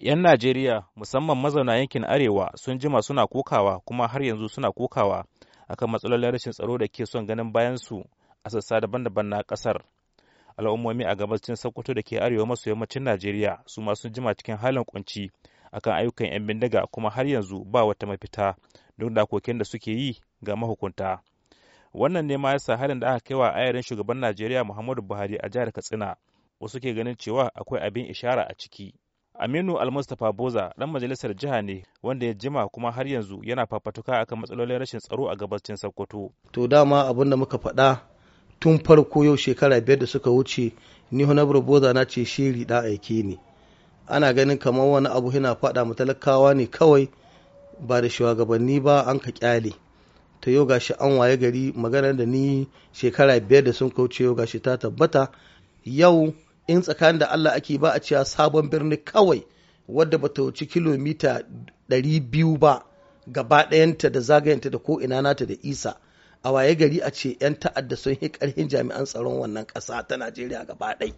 'Yan Najeriya musamman mazauna yankin Arewa sun jima suna kokawa kuma har yanzu suna kokawa akan matsalolin rashin tsaro da ke son ganin bayan su a sassa daban-daban na ƙasar. Al'ummomi a gabacin Sokoto da ke arewa maso yammacin Najeriya su ma sun jima cikin halin kunci akan ayyukan 'yan bindiga kuma har yanzu ba wata mafita duk da koken da suke yi ga mahukunta. Wannan ne ma yasa halin da aka kai wa ayarin shugaban Najeriya Muhammadu Buhari a jihar Katsina wasu ke ganin cewa akwai abin ishara a ciki. Aminu Almustapha Boza dan majalisar jiha ne wanda ya jima kuma har yanzu yana fafatuka akan matsalolin rashin tsaro a gabacin Sokoto. To dama abin da muka faɗa tun farko yau shekara biyar da suka wuce ni Honorable Boza na ce shiri da aiki ne. Ana ganin kamar wani abu yana faɗa mu talakawa ne kawai ba da shugabanni ba an ka kyale. ta yau gashi an waye gari maganar da ni shekara biyar da sun kauce yau gashi ta tabbata yau in tsakanin da Allah ake ba a cewa sabon birni kawai wadda ba ta wuci kilomita 200 ba gaba ɗayanta da zagayenta da ko ina nata da isa a waye gari a ce 'yan ta'adda sun yi ƙarfin jami'an tsaron wannan ƙasa ta Najeriya gaba ɗai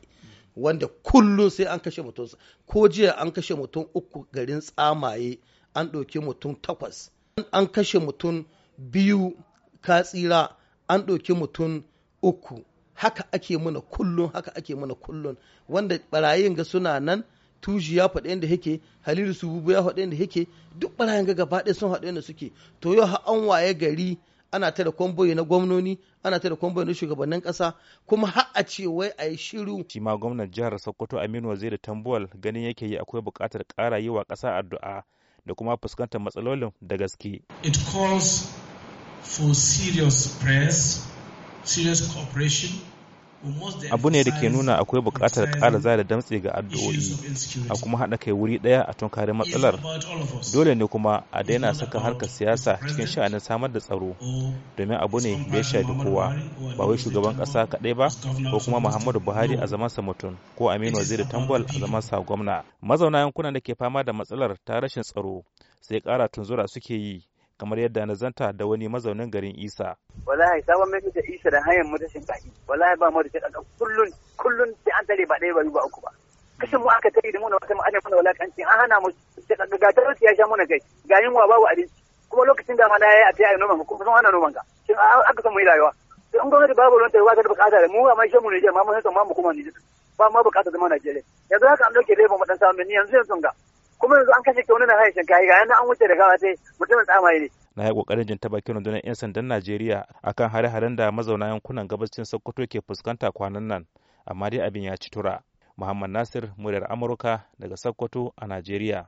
wanda kullum sai an kashe mutum ko jiya an kashe mutum uku garin tsamaye an ɗauki mutum takwas an kashe mutum biyu katsira an ɗauki mutum uku haka ake mana kullun haka ake mana kullun wanda barayin ga suna nan tuji ya faɗi yadda yake halilu bubu ya faɗi yadda yake duk barayin ga gaba ɗaya sun faɗi yadda suke to yau har an waye gari ana ta da kwamboyi na gwamnoni ana ta da kwamboyi na shugabannin ƙasa kuma har a ce wai a yi shiru. shi ma gwamnan jihar sokoto aminu waziri tambuwal ganin yake yi akwai buƙatar ƙara yi wa ƙasa addu'a da kuma fuskantar matsalolin da gaske. it calls for serious press. abu ne da ke nuna akwai bukatar ƙara zara damtse ga addu'o'i a kuma haɗa kai wuri ɗaya a tunkari matsalar dole ne kuma a daina saka harkar siyasa cikin sha'anin samar da tsaro domin abu ne da ya shafi kowa ba wai shugaban ƙasa kaɗai ba ko kuma muhammadu buhari a zamansa mutum ko aminu waziri tambol a zamansa gwamna mazauna yankunan da ke fama da matsalar ta rashin tsaro sai ƙara tunzura suke yi kamar yadda na zanta da wani mazaunin garin Isa. Wallahi sabon mai da Isa da hanyar mu ta shinkafi. Wallahi ba mu da kada kullun kullun sai an tare ba ɗaya ba ba uku ba. Kashin mu aka tare da mu na wata mu ana wallahi walakanci an hana mu ga talauci ya sha mana kai ga yunwa babu abinci kuma lokacin da ma na yayi a tayi noman kuma sun hana noman ka. Shin aka san mu yi rayuwa. in gwamnati babu ruwan ruwa ta bukata da mu a mai ne je ma mun san ma mu kuma Nijar ba ma bukata zama Najeriya yanzu haka an dauke lebon mu dan samu yanzu yanzu ga kuma yanzu an kashe wani na haishin kayi ga yana an wuce da gawa sai mutumin tsamaye ne na yi kokarin jin bakin rundunar 'yan sandan Najeriya akan hare-haren da mazauna yankunan gabashin Sokoto ke fuskanta kwanan nan amma dai abin ya ci tura Muhammad Nasir muryar Amurka daga Sokoto a Najeriya